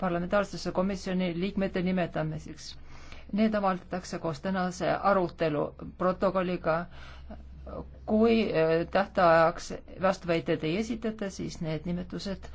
parlamentaarsesse komisjoni liikmete nimetamiseks. Need avaldatakse koos tänase arutelu protokolliga. kui äh, tähtajaks vastuväiteid ei esitata, siis need nimetused